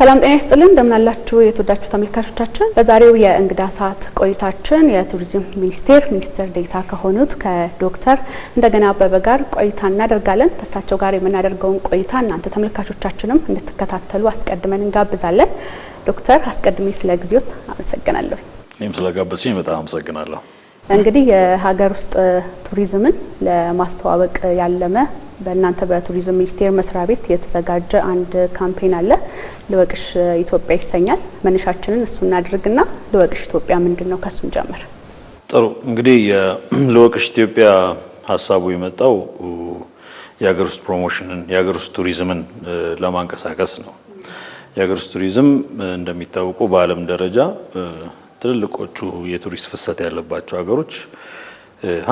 ሰላም ጤና ይስጥልን አላችሁ? የተወዳችሁ ተመልካቾቻችን፣ በዛሬው የእንግዳ ሰዓት ቆይታችን የቱሪዝም ሚኒስቴር ሚኒስትር ዴኤታ ከሆኑት ከዶክተር እንደገና አበበ ጋር ቆይታ እናደርጋለን። ከእሳቸው ጋር የምናደርገውን ቆይታ እናንተ ተመልካቾቻችንም እንድትከታተሉ አስቀድመን እንጋብዛለን። ዶክተር አስቀድሜ ስለ ጊዜዎት አመሰግናለሁ። እኔም ስለጋበዝሽኝ በጣም አመሰግናለሁ። እንግዲህ የሀገር ውስጥ ቱሪዝምን ለማስተዋወቅ ያለመ በእናንተ በቱሪዝም ሚኒስቴር መስሪያ ቤት የተዘጋጀ አንድ ካምፔን አለ፣ ልወቅሽ ኢትዮጵያ ይሰኛል። መነሻችንን እሱ እናድርግና ልወቅሽ ኢትዮጵያ ምንድን ነው? ከሱን ጀምር። ጥሩ እንግዲህ ልወቅሽ ኢትዮጵያ ሀሳቡ የመጣው የሀገር ውስጥ ፕሮሞሽንን የሀገር ውስጥ ቱሪዝምን ለማንቀሳቀስ ነው። የሀገር ውስጥ ቱሪዝም እንደሚታወቁ በዓለም ደረጃ ትልልቆቹ የቱሪስት ፍሰት ያለባቸው ሀገሮች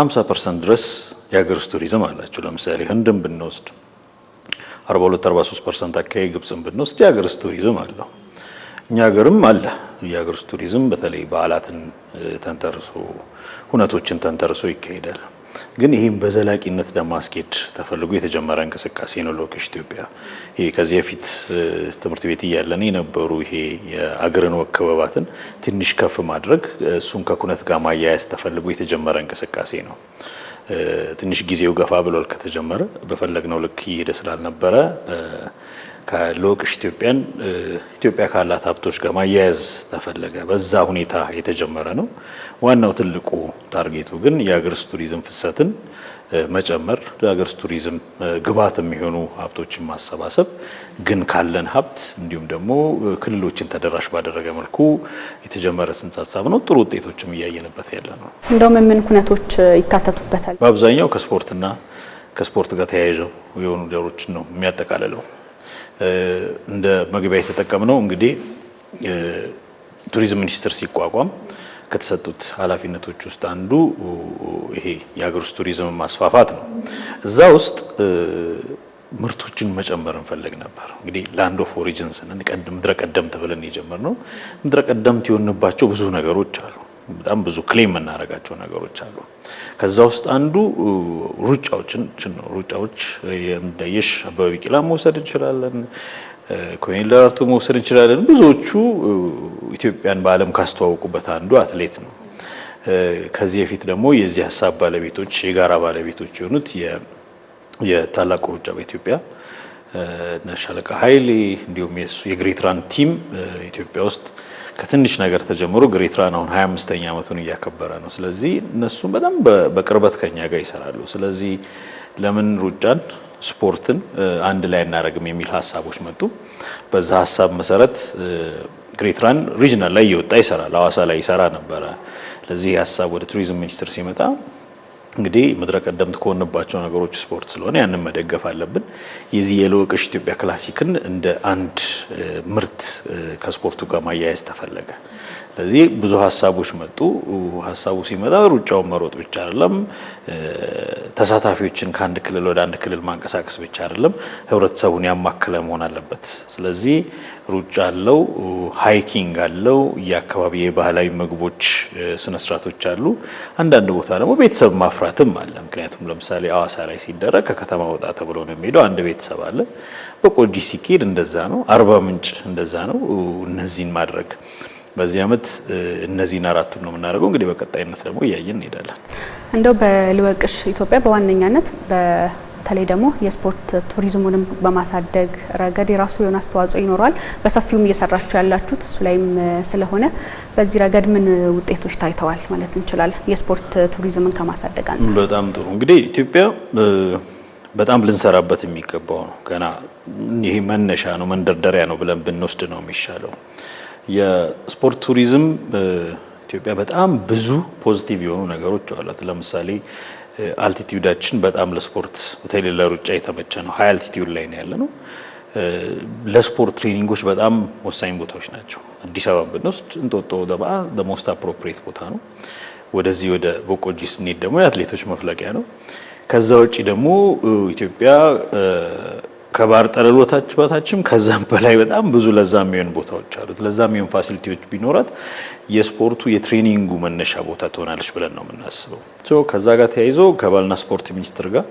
50 ፐርሰንት ድረስ የሀገር ውስጥ ቱሪዝም አላቸው። ለምሳሌ ህንድን ብንወስድ 42 43 ፐርሰንት አካባቢ ግብጽን ብንወስድ የሀገር ውስጥ ቱሪዝም አለው። እኛ ሀገርም አለ የሀገር ውስጥ ቱሪዝም በተለይ በዓላትን ተንተርሶ ሁነቶችን ተንተርሶ ይካሄዳል። ግን ይህም በዘላቂነት ለማስኬድ ተፈልጎ የተጀመረ እንቅስቃሴ ነው። ሎኬሽ ኢትዮጵያ ይሄ ከዚህ በፊት ትምህርት ቤት እያለን የነበሩ ይሄ የአገርን ወግ ትንሽ ከፍ ማድረግ እሱን ከኩነት ጋር ማያያዝ ተፈልጎ የተጀመረ እንቅስቃሴ ነው። ትንሽ ጊዜው ገፋ ብሏል ከተጀመረ በፈለግነው ልክ እየሄደ ስላልነበረ ከሎቅሽ ኢትዮጵያን ኢትዮጵያ ካላት ሀብቶች ጋር ማያያዝ ተፈለገ። በዛ ሁኔታ የተጀመረ ነው። ዋናው ትልቁ ታርጌቱ ግን የሀገር ውስጥ ቱሪዝም ፍሰትን መጨመር ለሀገር ውስጥ ቱሪዝም ግብዓት የሚሆኑ ሀብቶችን ማሰባሰብ ግን ካለን ሀብት እንዲሁም ደግሞ ክልሎችን ተደራሽ ባደረገ መልኩ የተጀመረ ጽንሰ ሀሳብ ነው። ጥሩ ውጤቶችም እያየንበት ያለ ነው። እንደው ምን ኩነቶች ይካተቱበታል? በአብዛኛው ከስፖርትና ከስፖርት ጋር ተያይዘው የሆኑ ደሮችን ነው የሚያጠቃልለው። እንደ መግቢያ የተጠቀምነው እንግዲህ ቱሪዝም ሚኒስቴር ሲቋቋም ከተሰጡት ኃላፊነቶች ውስጥ አንዱ ይሄ የሀገር ውስጥ ቱሪዝም ማስፋፋት ነው። እዛ ውስጥ ምርቶችን መጨመር እንፈልግ ነበር። እንግዲህ ላንድ ኦፍ ኦሪጅን ስንል ምድረ ቀደምት ብለን ነው። ምድረ ቀደምት የሆንባቸው ብዙ ነገሮች አሉ። በጣም ብዙ ክሌም የምናደርጋቸው ነገሮች አሉ። ከዛ ውስጥ አንዱ ሩጫዎችን ሩጫዎች የምዳየሽ አበበ ቢቂላ መውሰድ እንችላለን። ኮይን ለራርቱ መውሰድ እንችላለን። ብዙዎቹ ኢትዮጵያን በዓለም ካስተዋወቁበት አንዱ አትሌት ነው። ከዚህ በፊት ደግሞ የዚህ ሀሳብ ባለቤቶች የጋራ ባለቤቶች የሆኑት የታላቁ ሩጫ በኢትዮጵያ ሻለቃ ኃይሌ እንዲሁም የግሬትራን ቲም ኢትዮጵያ ውስጥ ከትንሽ ነገር ተጀምሮ ግሬትራን አሁን 25ኛ ዓመቱን እያከበረ ነው። ስለዚህ እነሱም በጣም በቅርበት ከኛ ጋር ይሰራሉ። ስለዚህ ለምን ሩጫን ስፖርትን አንድ ላይ እናደረግም የሚል ሀሳቦች መጡ። በዛ ሀሳብ መሰረት ግሬትራን ሪጅናል ላይ እየወጣ ይሰራል፣ ለዋሳ ላይ ይሰራ ነበረ። ለዚህ ሀሳብ ወደ ቱሪዝም ሚኒስቴር ሲመጣ እንግዲህ ምድረ ቀደምት ከሆንባቸው ነገሮች ስፖርት ስለሆነ ያንን መደገፍ አለብን። የዚህ የልወቅሽ ኢትዮጵያ ክላሲክን እንደ አንድ ምርት ከስፖርቱ ጋር ማያያዝ ተፈለገ። ስለዚህ ብዙ ሀሳቦች መጡ። ሀሳቡ ሲመጣ ሩጫውን መሮጥ ብቻ አይደለም፣ ተሳታፊዎችን ከአንድ ክልል ወደ አንድ ክልል ማንቀሳቀስ ብቻ አይደለም፣ ህብረተሰቡን ያማከለ መሆን አለበት። ስለዚህ ሩጫ አለው፣ ሃይኪንግ አለው፣ የአካባቢ የባህላዊ ምግቦች ስነስርዓቶች አሉ። አንዳንድ ቦታ ደግሞ ቤተሰብ ማፍራትም አለ። ምክንያቱም ለምሳሌ አዋሳ ላይ ሲደረግ ከከተማ ወጣ ተብሎ ነው የሚሄደው፣ አንድ ቤተሰብ አለ። በቆጂ ሲኬድ እንደዛ ነው፣ አርባ ምንጭ እንደዛ ነው። እነዚህን ማድረግ በዚህ አመት እነዚህን አራቱን ነው የምናደርገው። እንግዲህ በቀጣይነት ደግሞ እያየን እንሄዳለን። እንደው በልወቅሽ ኢትዮጵያ በዋነኛነት በተለይ ደግሞ የስፖርት ቱሪዝሙንም በማሳደግ ረገድ የራሱ የሆነ አስተዋጽኦ ይኖረዋል። በሰፊውም እየሰራችሁ ያላችሁት እሱ ላይም ስለሆነ በዚህ ረገድ ምን ውጤቶች ታይተዋል ማለት እንችላለን? የስፖርት ቱሪዝምን ከማሳደግ አንጻር በጣም ጥሩ እንግዲህ ኢትዮጵያ በጣም ልንሰራበት የሚገባው ነው። ገና ይሄ መነሻ ነው መንደርደሪያ ነው ብለን ብንወስድ ነው የሚሻለው የስፖርት ቱሪዝም ኢትዮጵያ በጣም ብዙ ፖዚቲቭ የሆኑ ነገሮች አሏት። ለምሳሌ አልቲቲዩዳችን በጣም ለስፖርት በተለይ ለሩጫ የተመቸ ነው። ሀይ አልቲቲዩድ ላይ ነው ያለ ነው። ለስፖርት ትሬኒንጎች በጣም ወሳኝ ቦታዎች ናቸው። አዲስ አበባ ብንወስድ እንጦጦ ደባ ደሞስት አፕሮፕሬት ቦታ ነው። ወደዚህ ወደ ቦቆጂ ስንሄድ ደግሞ የአትሌቶች መፍለቂያ ነው። ከዛ ውጭ ደግሞ ኢትዮጵያ ከባህር ጠለል በታችም ከዛም በላይ በጣም ብዙ ለዛ የሚሆን ቦታዎች አሉት። ለዛ የሚሆን ፋሲሊቲዎች ቢኖራት የስፖርቱ የትሬኒንጉ መነሻ ቦታ ትሆናለች ብለን ነው የምናስበው። ከዛ ጋር ተያይዞ ከባልና ስፖርት ሚኒስትር ጋር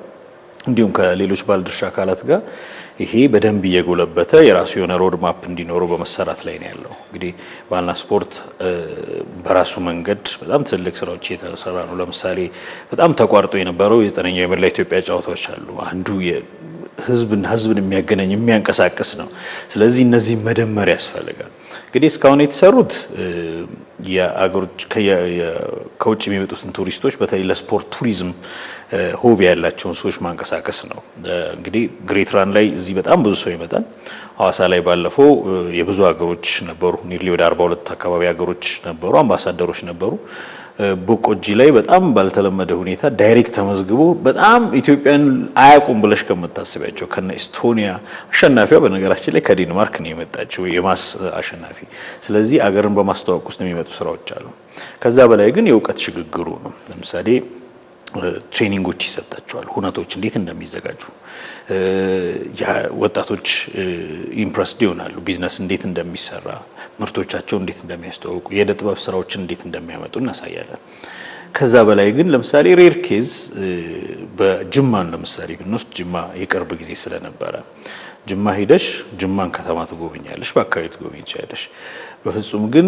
እንዲሁም ከሌሎች ባለድርሻ አካላት ጋር ይሄ በደንብ እየጎለበተ የራሱ የሆነ ሮድ ማፕ እንዲኖረው በመሰራት ላይ ነው ያለው። እንግዲህ ባልና ስፖርት በራሱ መንገድ በጣም ትልቅ ስራዎች የተሰራ ነው። ለምሳሌ በጣም ተቋርጦ የነበረው የዘጠነኛው የመላ ኢትዮጵያ ጨዋታዎች አሉ። አንዱ ህዝብን ህዝብን የሚያገናኝ የሚያንቀሳቅስ ነው። ስለዚህ እነዚህ መደመር ያስፈልጋል። እንግዲህ እስካሁን የተሰሩት ከውጭ የሚመጡትን ቱሪስቶች በተለይ ለስፖርት ቱሪዝም ሆቢ ያላቸውን ሰዎች ማንቀሳቀስ ነው። እንግዲህ ግሬት ራን ላይ እዚህ በጣም ብዙ ሰው ይመጣል። ሀዋሳ ላይ ባለፈው የብዙ ሀገሮች ነበሩ፣ ኒርሊ ወደ 42 አካባቢ ሀገሮች ነበሩ፣ አምባሳደሮች ነበሩ። ቦቆጂ ላይ በጣም ባልተለመደ ሁኔታ ዳይሬክት ተመዝግቦ በጣም ኢትዮጵያን አያውቁም ብለሽ ከምታስቢያቸው ከነ ኢስቶኒያ አሸናፊዋ በነገራችን ላይ ከዴንማርክ ነው የመጣችው የማስ አሸናፊ። ስለዚህ አገርን በማስተዋወቅ ውስጥ የሚመጡ ስራዎች አሉ። ከዛ በላይ ግን የእውቀት ሽግግሩ ነው። ለምሳሌ ትሬኒንጎች ይሰጣቸዋል። ሁነቶች እንዴት እንደሚዘጋጁ ወጣቶች ኢምፕረስድ ይሆናሉ። ቢዝነስ እንዴት እንደሚሰራ፣ ምርቶቻቸው እንዴት እንደሚያስተዋውቁ፣ የእደ ጥበብ ስራዎችን እንዴት እንደሚያመጡ እናሳያለን። ከዛ በላይ ግን ለምሳሌ ሬር ኬዝ በጅማን ለምሳሌ ብንወስድ ጅማ የቅርብ ጊዜ ስለነበረ ጅማ ሄደሽ ጅማን ከተማ ትጎብኛለሽ፣ በአካባቢ ትጎብኝ ትችላለሽ። በፍጹም ግን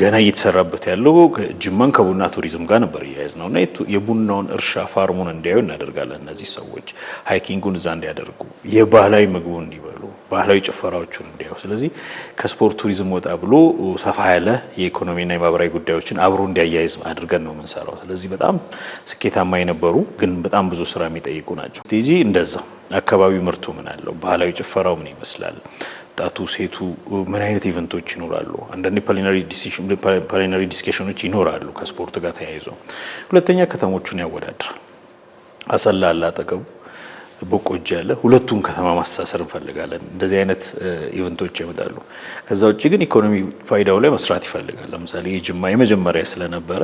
ገና እየተሰራበት ያለው ጅማን ከቡና ቱሪዝም ጋር ነበር እያያዝ ነው እና የቡናውን እርሻ ፋርሙን እንዲያዩ እናደርጋለን። እነዚህ ሰዎች ሃይኪንጉን እዛ እንዲያደርጉ፣ የባህላዊ ምግቡን እንዲበሉ፣ ባህላዊ ጭፈራዎቹን እንዲያዩ። ስለዚህ ከስፖርት ቱሪዝም ወጣ ብሎ ሰፋ ያለ የኢኮኖሚና የማህበራዊ ጉዳዮችን አብሮ እንዲያያይዝ አድርገን ነው የምንሰራው። ስለዚህ በጣም ስኬታማ የነበሩ ግን በጣም ብዙ ስራ የሚጠይቁ ናቸው። ቴጂ እንደዛ አካባቢው ምርቱ ምን አለው? ባህላዊ ጭፈራው ምን ይመስላል? ወጣቱ፣ ሴቱ ምን አይነት ኢቨንቶች ይኖራሉ? አንዳንድ ፕሊናሪ ዲስኬሽኖች ይኖራሉ ከስፖርት ጋር ተያይዞ ሁለተኛ ከተሞቹን ያወዳድራል። አሰላ አለ አጠገቡ በቆጅ ያለ ሁለቱን ከተማ ማስተሳሰር እንፈልጋለን። እንደዚህ አይነት ኢቨንቶች ይመጣሉ። ከዛ ውጭ ግን ኢኮኖሚ ፋይዳው ላይ መስራት ይፈልጋል። ለምሳሌ የጅማ የመጀመሪያ ስለነበረ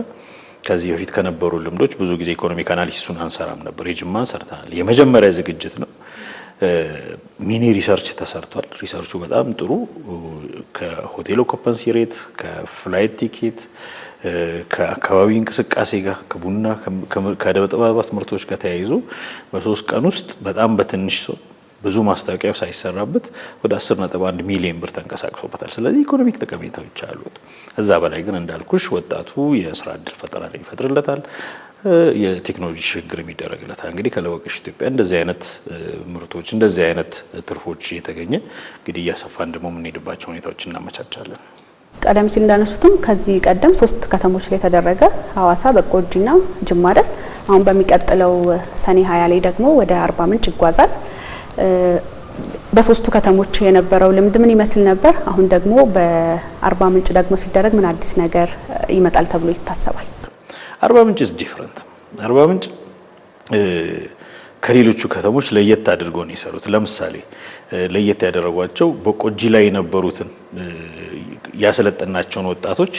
ከዚህ በፊት ከነበሩ ልምዶች ብዙ ጊዜ ኢኮኖሚክ አናሊሲሱን አንሰራም ነበር። የጅማን ሰርተናል። የመጀመሪያ ዝግጅት ነው። ሚኒ ሪሰርች ተሰርቷል። ሪሰርቹ በጣም ጥሩ ከሆቴል ኦኮፐንሲ ሬት፣ ከፍላይት ቲኬት፣ ከአካባቢ እንቅስቃሴ ጋር ከቡና ከደበጠባባት ምርቶች ጋር ተያይዞ በሶስት ቀን ውስጥ በጣም በትንሽ ሰው ብዙ ማስታወቂያ ሳይሰራበት ወደ 11 ሚሊዮን ብር ተንቀሳቅሶበታል። ስለዚህ ኢኮኖሚክ ጠቀሜታዎች አሉት። እዛ በላይ ግን እንዳልኩሽ ወጣቱ የስራ እድል ፈጠራ ይፈጥርለታል። የቴክኖሎጂ ሽግግር የሚደረግለታል። እንግዲህ ከለወቅሽ ኢትዮጵያ እንደዚህ አይነት ምርቶች እንደዚህ አይነት ትርፎች እየተገኘ እንግዲህ እያሰፋን ደግሞ የምንሄድባቸው ሁኔታዎች እናመቻቻለን። ቀደም ሲል እንዳነሱትም ከዚህ ቀደም ሶስት ከተሞች ላይ የተደረገ ሀዋሳ፣ በቆጂና ጅማ አይደል። አሁን በሚቀጥለው ሰኔ ሀያ ላይ ደግሞ ወደ አርባ ምንጭ ይጓዛል። በሶስቱ ከተሞች የነበረው ልምድ ምን ይመስል ነበር? አሁን ደግሞ በአርባ ምንጭ ደግሞ ሲደረግ ምን አዲስ ነገር ይመጣል ተብሎ ይታሰባል? አርባ ምንጭ ኢዝ ዲፍረንት። አርባ ምንጭ ከሌሎቹ ከተሞች ለየት አድርገው ነው የሰሩት። ለምሳሌ ለየት ያደረጓቸው በቆጂ ላይ የነበሩትን ያሰለጠናቸውን ወጣቶች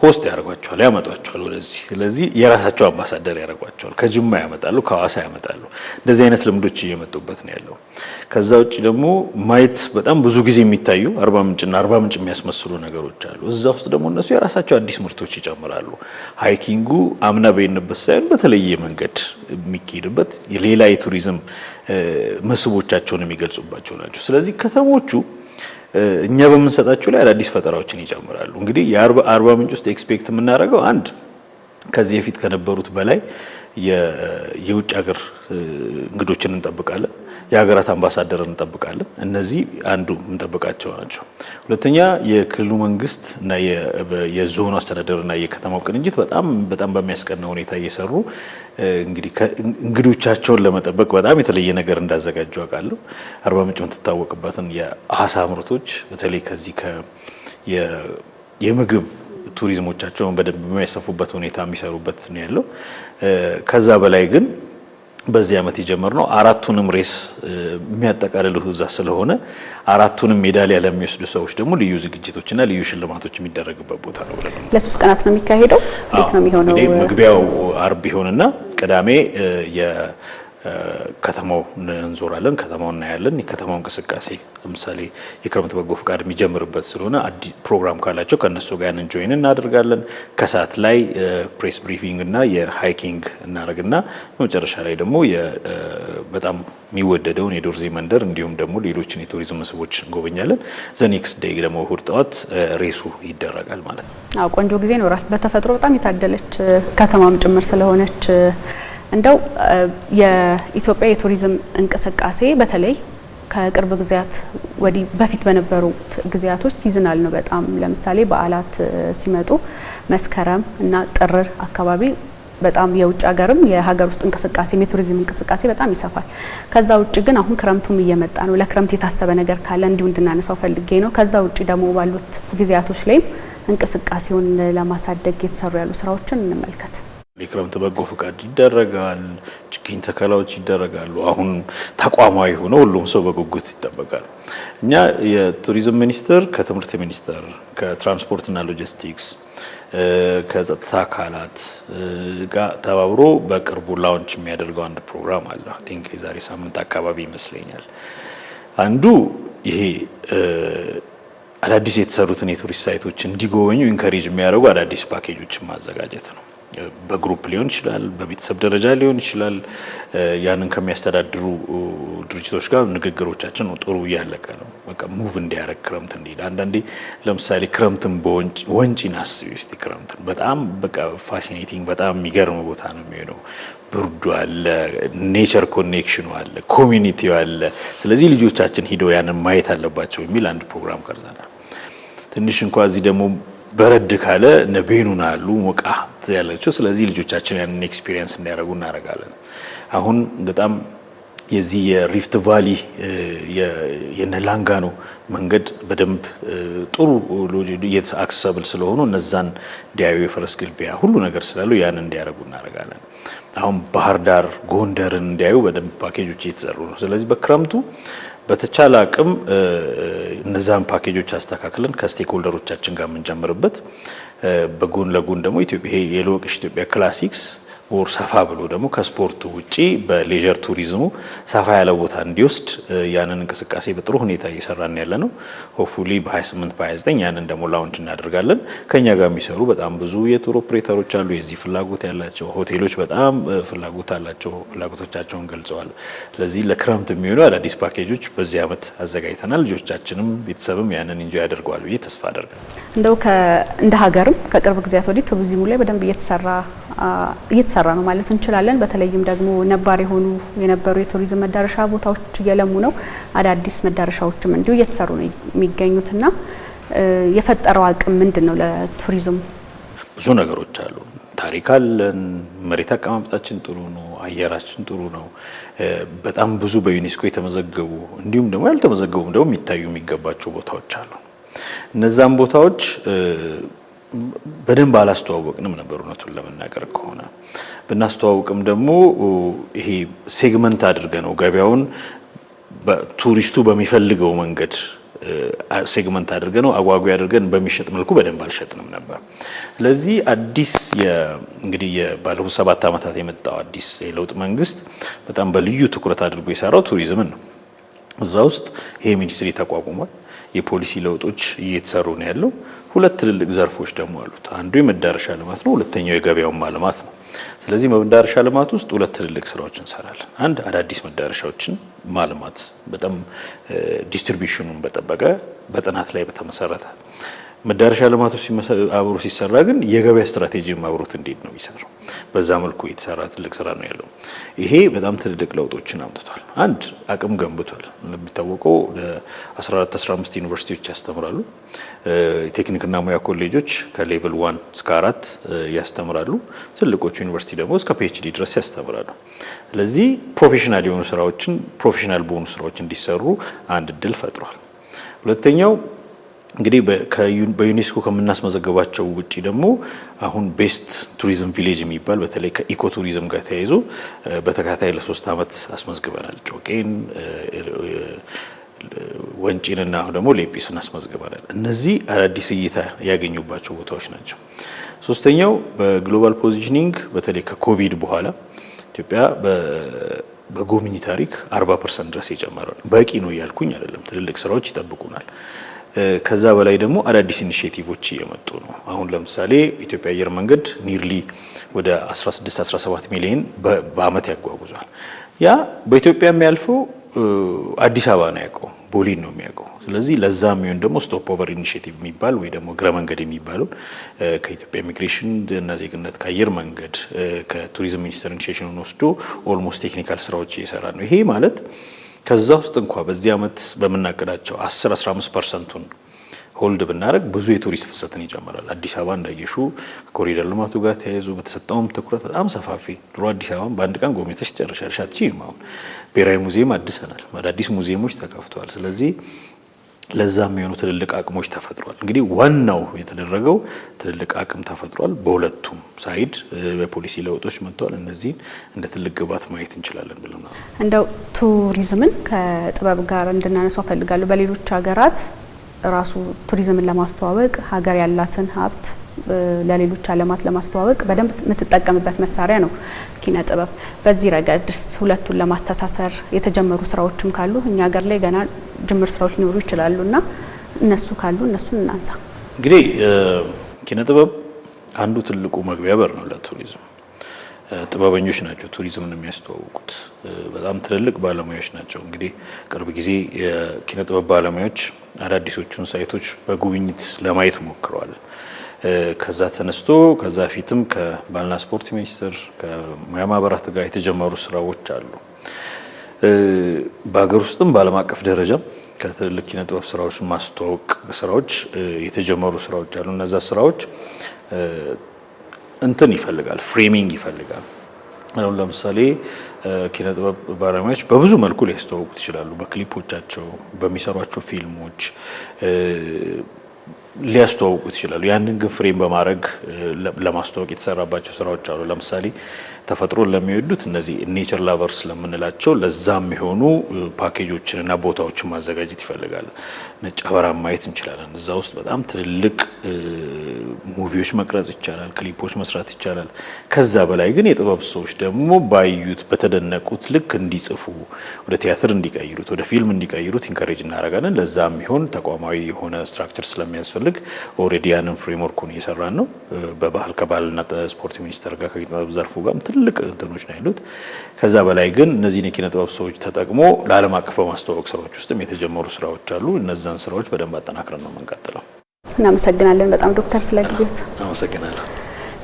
ሆስት ያደርጓቸዋል፣ ያመጧቸዋል ወደዚህ። ስለዚህ የራሳቸው አምባሳደር ያደርጓቸዋል። ከጅማ ያመጣሉ፣ ከሀዋሳ ያመጣሉ። እንደዚህ አይነት ልምዶች እየመጡበት ነው ያለው። ከዛ ውጭ ደግሞ ማየት በጣም ብዙ ጊዜ የሚታዩ አርባ ምንጭና አርባ ምንጭ የሚያስመስሉ ነገሮች አሉ። እዛ ውስጥ ደግሞ እነሱ የራሳቸው አዲስ ምርቶች ይጨምራሉ። ሀይኪንጉ አምና በሄድንበት ሳይሆን በተለየ መንገድ የሚካሄድበት ሌላ የቱሪዝም መስህቦቻቸውን የሚገልጹባቸው ናቸው። ስለዚህ ከተሞቹ እኛ በምንሰጣቸው ላይ አዳዲስ ፈጠራዎችን ይጨምራሉ። እንግዲህ የአርባ ምንጭ ውስጥ ኤክስፔክት የምናደርገው አንድ ከዚህ በፊት ከነበሩት በላይ የውጭ ሀገር እንግዶችን እንጠብቃለን። የሀገራት አምባሳደር እንጠብቃለን። እነዚህ አንዱ የምንጠብቃቸው ናቸው። ሁለተኛ የክልሉ መንግስት እና የዞኑ አስተዳደር እና የከተማው ቅንጅት በጣም በጣም በሚያስቀና ሁኔታ እየሰሩ እንግዲህ እንግዶቻቸውን ለመጠበቅ በጣም የተለየ ነገር እንዳዘጋጁ አውቃለሁ። አርባ ምንጭ የምትታወቅበትን የአሳ ምርቶች በተለይ ከዚህ የምግብ ቱሪዝሞቻቸውን በደንብ የሚያሰፉበት ሁኔታ የሚሰሩበት ነው ያለው። ከዛ በላይ ግን በዚህ ዓመት የጀመርነው አራቱንም ሬስ የሚያጠቃልል እዛ ስለሆነ አራቱንም ሜዳሊያ ለሚወስዱ ሰዎች ደግሞ ልዩ ዝግጅቶችና ልዩ ሽልማቶች የሚደረግበት ቦታ ነው ለሶስት ቀናት ነው የሚካሄደው። ነው የሚሆነው? መግቢያው አርብ ይሆንና ቅዳሜ ከተማው እንዞራለን፣ ከተማው እናያለን። የከተማው እንቅስቃሴ ለምሳሌ የክረምት በጎ ፍቃድ የሚጀምርበት ስለሆነ ፕሮግራም ካላቸው ከእነሱ ጋር ያንን ጆይን እናደርጋለን። ከሰዓት ላይ ፕሬስ ብሪፊንግ እና የሃይኪንግ እናደርግና በመጨረሻ ላይ ደግሞ በጣም የሚወደደውን የዶርዜ መንደር እንዲሁም ደግሞ ሌሎችን የቱሪዝም መስህቦች እንጎበኛለን። ዘኔክስት ዴይ ደግሞ እሁድ ጠዋት ሬሱ ይደረጋል ማለት ነው። ቆንጆ ጊዜ ይኖራል። በተፈጥሮ በጣም የታደለች ከተማም ጭምር ስለሆነች እንደው የኢትዮጵያ የቱሪዝም እንቅስቃሴ በተለይ ከቅርብ ጊዜያት ወዲህ በፊት በነበሩት ጊዜያቶች ሲዝናል ነው በጣም ለምሳሌ በዓላት ሲመጡ መስከረም እና ጥር አካባቢ በጣም የውጭ ሀገርም የሀገር ውስጥ እንቅስቃሴ የቱሪዝም እንቅስቃሴ በጣም ይሰፋል። ከዛ ውጭ ግን አሁን ክረምቱም እየመጣ ነው። ለክረምት የታሰበ ነገር ካለ እንዲሁ እንድናነሳው ፈልጌ ነው። ከዛ ውጭ ደግሞ ባሉት ጊዜያቶች ላይም እንቅስቃሴውን ለማሳደግ የተሰሩ ያሉ ስራዎችን እንመልከት። የክረምት በጎ ፍቃድ ይደረጋል፣ ችግኝ ተከላዎች ይደረጋሉ። አሁን ተቋማዊ ሆኖ ሁሉም ሰው በጉጉት ይጠበቃል። እኛ የቱሪዝም ሚኒስቴር ከትምህርት ሚኒስቴር ከትራንስፖርትና ሎጂስቲክስ ከጸጥታ አካላት ጋር ተባብሮ በቅርቡ ላውንች የሚያደርገው አንድ ፕሮግራም አለ። ቲንክ የዛሬ ሳምንት አካባቢ ይመስለኛል። አንዱ ይሄ አዳዲስ የተሰሩትን የቱሪስት ሳይቶች እንዲጎበኙ ኢንከሬጅ የሚያደርጉ አዳዲስ ፓኬጆችን ማዘጋጀት ነው። በግሩፕ ሊሆን ይችላል፣ በቤተሰብ ደረጃ ሊሆን ይችላል። ያንን ከሚያስተዳድሩ ድርጅቶች ጋር ንግግሮቻችን ጥሩ እያለቀ ነው። በቃ ሙቭ እንዲያደርግ ክረምት እንዲሄድ አንዳንዴ ለምሳሌ ክረምትን ወንጪን አስቢ ስ ክረምትን በጣም በቃ ፋሲኔቲንግ በጣም የሚገርም ቦታ ነው የሚሆነው። ብርዱ አለ፣ ኔቸር ኮኔክሽኑ አለ፣ ኮሚኒቲው አለ። ስለዚህ ልጆቻችን ሂደው ያንን ማየት አለባቸው የሚል አንድ ፕሮግራም ቀርጸናል። ትንሽ እንኳ እዚህ ደግሞ በረድ ካለ ነቤኑን አሉ ሞቃ ያለችው። ስለዚህ ልጆቻችን ያንን ኤክስፒሪየንስ እንዲያደርጉ እናደርጋለን። አሁን በጣም የዚህ የሪፍት ቫሊ የነላንጋኖ መንገድ በደንብ ጥሩ አክሰብል ስለሆኑ እነዛን እንዲያዩ የፈረስ ግልቢያ ሁሉ ነገር ስላሉ ያን እንዲያደርጉ እናደርጋለን። አሁን ባህር ዳር፣ ጎንደርን እንዲያዩ በደንብ ፓኬጆች እየተሰሩ ነው። ስለዚህ በክረምቱ በተቻለ አቅም እነዛን ፓኬጆች አስተካክለን ከስቴክሆልደሮቻችን ጋር የምንጀምርበት በጎን ለጎን ደግሞ ይሄ የልወቅሽ ኢትዮጵያ ክላሲክስ ወር ሰፋ ብሎ ደግሞ ከስፖርቱ ውጪ በሌጀር ቱሪዝሙ ሰፋ ያለ ቦታ እንዲወስድ ያንን እንቅስቃሴ በጥሩ ሁኔታ እየሰራን ያለ ነው። ሆፉሊ በ28 በ29 ያንን ደግሞ ላውንች እናደርጋለን። ከኛ ጋር የሚሰሩ በጣም ብዙ የቱር ኦፕሬተሮች አሉ፣ የዚህ ፍላጎት ያላቸው ሆቴሎች በጣም ፍላጎት አላቸው፣ ፍላጎቶቻቸውን ገልጸዋል። ስለዚህ ለክረምት የሚሆኑ አዳዲስ ፓኬጆች በዚህ ዓመት አዘጋጅተናል። ልጆቻችንም ቤተሰብም ያንን እንጆ ያደርገዋል ብዬ ተስፋ አደርጋለሁ። እንደው እንደ ሀገርም ከቅርብ ጊዜያት ወዲህ ቱሪዝሙ ላይ በደንብ እየተሰራ እየተሰራ ነው ማለት እንችላለን። በተለይም ደግሞ ነባር የሆኑ የነበሩ የቱሪዝም መዳረሻ ቦታዎች እየለሙ ነው። አዳዲስ መዳረሻዎችም እንዲሁ እየተሰሩ ነው የሚገኙትና የፈጠረው አቅም ምንድን ነው? ለቱሪዝሙ ብዙ ነገሮች አሉ። ታሪክ አለን። መሬት አቀማመጣችን ጥሩ ነው። አየራችን ጥሩ ነው። በጣም ብዙ በዩኔስኮ የተመዘገቡ እንዲሁም ደግሞ ያልተመዘገቡም ደግሞ የሚታዩ የሚገባቸው ቦታዎች አሉ። እነዛም ቦታዎች በደንብ አላስተዋወቅንም ነበር እውነቱን ለመናገር ከሆነ ብናስተዋውቅም ደግሞ ይሄ ሴግመንት አድርገ ነው ገበያውን ቱሪስቱ በሚፈልገው መንገድ ሴግመንት አድርገ ነው አጓጊ አድርገን በሚሸጥ መልኩ በደንብ አልሸጥንም ነበር። ስለዚህ አዲስ እንግዲህ ባለፉት ሰባት ዓመታት የመጣው አዲስ የለውጥ መንግስት በጣም በልዩ ትኩረት አድርጎ የሰራው ቱሪዝምን ነው። እዛ ውስጥ ይሄ ሚኒስትሪ ተቋቁሟል። የፖሊሲ ለውጦች እየተሰሩ ነው ያለው። ሁለት ትልልቅ ዘርፎች ደግሞ አሉት። አንዱ የመዳረሻ ልማት ነው፣ ሁለተኛው የገበያው ማልማት ነው። ስለዚህ በመዳረሻ ልማት ውስጥ ሁለት ትልልቅ ስራዎች እንሰራለን። አንድ አዳዲስ መዳረሻዎችን ማልማት በጣም ዲስትሪቢሽኑን በጠበቀ በጥናት ላይ በተመሰረተ መዳረሻ ልማቶች አብሮ ሲሰራ ግን የገበያ ስትራቴጂም አብሮት እንዴት ነው የሚሰራው? በዛ መልኩ የተሰራ ትልቅ ስራ ነው ያለው። ይሄ በጣም ትልልቅ ለውጦችን አምጥቷል። አንድ አቅም ገንብቷል። እንደሚታወቀው ለ14 15 ዩኒቨርሲቲዎች ያስተምራሉ። ቴክኒክና ሙያ ኮሌጆች ከሌቭል ዋን እስከ አራት ያስተምራሉ። ትልቆቹ ዩኒቨርሲቲ ደግሞ እስከ ፒኤችዲ ድረስ ያስተምራሉ። ስለዚህ ፕሮፌሽናል የሆኑ ስራዎችን ፕሮፌሽናል በሆኑ ስራዎች እንዲሰሩ አንድ እድል ፈጥሯል። ሁለተኛው እንግዲህ በዩኔስኮ ከምናስመዘገባቸው ውጭ ደግሞ አሁን ቤስት ቱሪዝም ቪሌጅ የሚባል በተለይ ከኢኮ ቱሪዝም ጋር ተያይዞ በተከታታይ ለሶስት ዓመት አስመዝግበናል። ጮቄን፣ ወንጪንና አሁን ደግሞ ሌጲስን አስመዝግበናል። እነዚህ አዳዲስ እይታ ያገኙባቸው ቦታዎች ናቸው። ሶስተኛው በግሎባል ፖዚሽኒንግ በተለይ ከኮቪድ በኋላ ኢትዮጵያ በጎብኝ ታሪክ 40 ፐርሰንት ድረስ የጨመረ ነው። በቂ ነው እያልኩኝ አይደለም። ትልልቅ ስራዎች ይጠብቁናል። ከዛ በላይ ደግሞ አዳዲስ ኢኒሽቲቮች እየመጡ ነው። አሁን ለምሳሌ ኢትዮጵያ አየር መንገድ ኒርሊ ወደ 16 17 ሚሊዮን በአመት ያጓጉዟል። ያ በኢትዮጵያ የሚያልፈው አዲስ አበባ ነው ያውቀው፣ ቦሊን ነው የሚያውቀው። ስለዚህ ለዛ የሚሆን ደግሞ ስቶፕ ኦቨር ኢኒሽቲቭ የሚባል ወይ ደግሞ እግረ መንገድ የሚባለው ከኢትዮጵያ ኢሚግሬሽን እና ዜግነት ከአየር መንገድ ከቱሪዝም ሚኒስቴር ኢኒሽቲቭን ወስዶ ኦልሞስት ቴክኒካል ስራዎች እየሰራ ነው። ይሄ ማለት ከዛ ውስጥ እንኳ በዚህ ዓመት በምናቅዳቸው 10 15 ፐርሰንቱን ሆልድ ብናደረግ ብዙ የቱሪስት ፍሰትን ይጨምራል። አዲስ አበባ እንዳየሹ ከኮሪደር ልማቱ ጋር ተያይዞ በተሰጠውም ትኩረት በጣም ሰፋፊ ድሮ አዲስ አበባን በአንድ ቀን ጎብኝተሽ ትጨርሻለሽ። አሁን ብሔራዊ ሙዚየም አድሰናል። አዳዲስ ሙዚየሞች ተከፍተዋል። ስለዚህ ለዛ የሚሆኑ ትልልቅ አቅሞች ተፈጥሯል። እንግዲህ ዋናው የተደረገው ትልልቅ አቅም ተፈጥሯል። በሁለቱም ሳይድ በፖሊሲ ለውጦች መጥተዋል። እነዚህን እንደ ትልቅ ግብዓት ማየት እንችላለን ብለናል። እንደው ቱሪዝምን ከጥበብ ጋር እንድናነሳው እፈልጋለሁ። በሌሎች ሀገራት ራሱ ቱሪዝምን ለማስተዋወቅ ሀገር ያላትን ሀብት ለሌሎች አለማት ለማስተዋወቅ በደንብ የምትጠቀምበት መሳሪያ ነው ኪነ ጥበብ። በዚህ ረገድስ ሁለቱን ለማስተሳሰር የተጀመሩ ስራዎችም ካሉ እኛ ሀገር ላይ ገና ጅምር ስራዎች ሊኖሩ ይችላሉ እና እነሱ ካሉ እነሱን እናንሳ። እንግዲህ ኪነ ጥበብ አንዱ ትልቁ መግቢያ በር ነው ለቱሪዝም። ጥበበኞች ናቸው ቱሪዝምን የሚያስተዋውቁት፣ በጣም ትልልቅ ባለሙያዎች ናቸው። እንግዲህ ቅርብ ጊዜ የኪነ ጥበብ ባለሙያዎች አዳዲሶቹን ሳይቶች በጉብኝት ለማየት ሞክረዋል። ከዛ ተነስቶ ከዛ ፊትም ከባልና ስፖርት ሚኒስቴር ከሙያ ማህበራት ጋር የተጀመሩ ስራዎች አሉ። በሀገር ውስጥም በዓለም አቀፍ ደረጃም ከትልልቅ ኪነ ጥበብ ስራዎች ማስተዋወቅ ስራዎች የተጀመሩ ስራዎች አሉ። እነዛ ስራዎች እንትን ይፈልጋል፣ ፍሬሚንግ ይፈልጋል። አሁን ለምሳሌ ኪነ ጥበብ ባለሙያዎች በብዙ መልኩ ሊያስተዋውቁት ይችላሉ። በክሊፖቻቸው፣ በሚሰሯቸው ፊልሞች ሊያስተዋውቁት ይችላሉ። ያንን ግን ፍሬም በማድረግ ለማስተዋወቅ የተሰራባቸው ስራዎች አሉ። ለምሳሌ ተፈጥሮን ለሚወዱት እነዚህ ኔቸር ላቨርስ ለምንላቸው ለዛ የሚሆኑ ፓኬጆችንና ቦታዎችን ማዘጋጀት ይፈልጋል። ነጭ አበራ ማየት እንችላለን። እዛ ውስጥ በጣም ትልልቅ ሙቪዎች መቅረጽ ይቻላል፣ ክሊፖች መስራት ይቻላል። ከዛ በላይ ግን የጥበብ ሰዎች ደግሞ ባዩት በተደነቁት ልክ እንዲጽፉ፣ ወደ ቲያትር እንዲቀይሩት፣ ወደ ፊልም እንዲቀይሩት ኢንካሬጅ እናደርጋለን። ለዛ የሚሆን ተቋማዊ የሆነ ስትራክቸር ስለሚያስፈልግ ኦልሬዲ ያንን ፍሬምወርኩን እየሰራን ነው በባህል ከባህልና ስፖርት ሚኒስቴር ጋር ከጥበብ ዘርፉ ጋር ትልቅ እንትኖች ነው ያሉት። ከዛ በላይ ግን እነዚህን የኪነ ጥበብ ሰዎች ተጠቅሞ ለዓለም አቀፍ በማስተዋወቅ ስራዎች ውስጥም የተጀመሩ ስራዎች አሉ። እነዛን ስራዎች በደንብ አጠናክረን ነው የምንቀጥለው። እናመሰግናለን በጣም ዶክተር ስለ ጊዜት አመሰግናለሁ።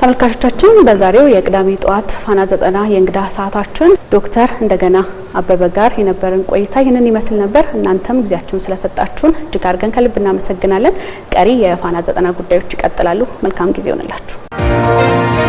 ተመልካቾቻችን በዛሬው የቅዳሜ ጠዋት ፋና ዘጠና የእንግዳ ሰዓታችን ዶክተር እንደገና አበበ ጋር የነበረን ቆይታ ይህንን ይመስል ነበር። እናንተም ጊዜያችሁን ስለሰጣችሁን እጅግ አድርገን ከልብ እናመሰግናለን። ቀሪ የፋና ዘጠና ጉዳዮች ይቀጥላሉ። መልካም ጊዜ ይሆንላችሁ።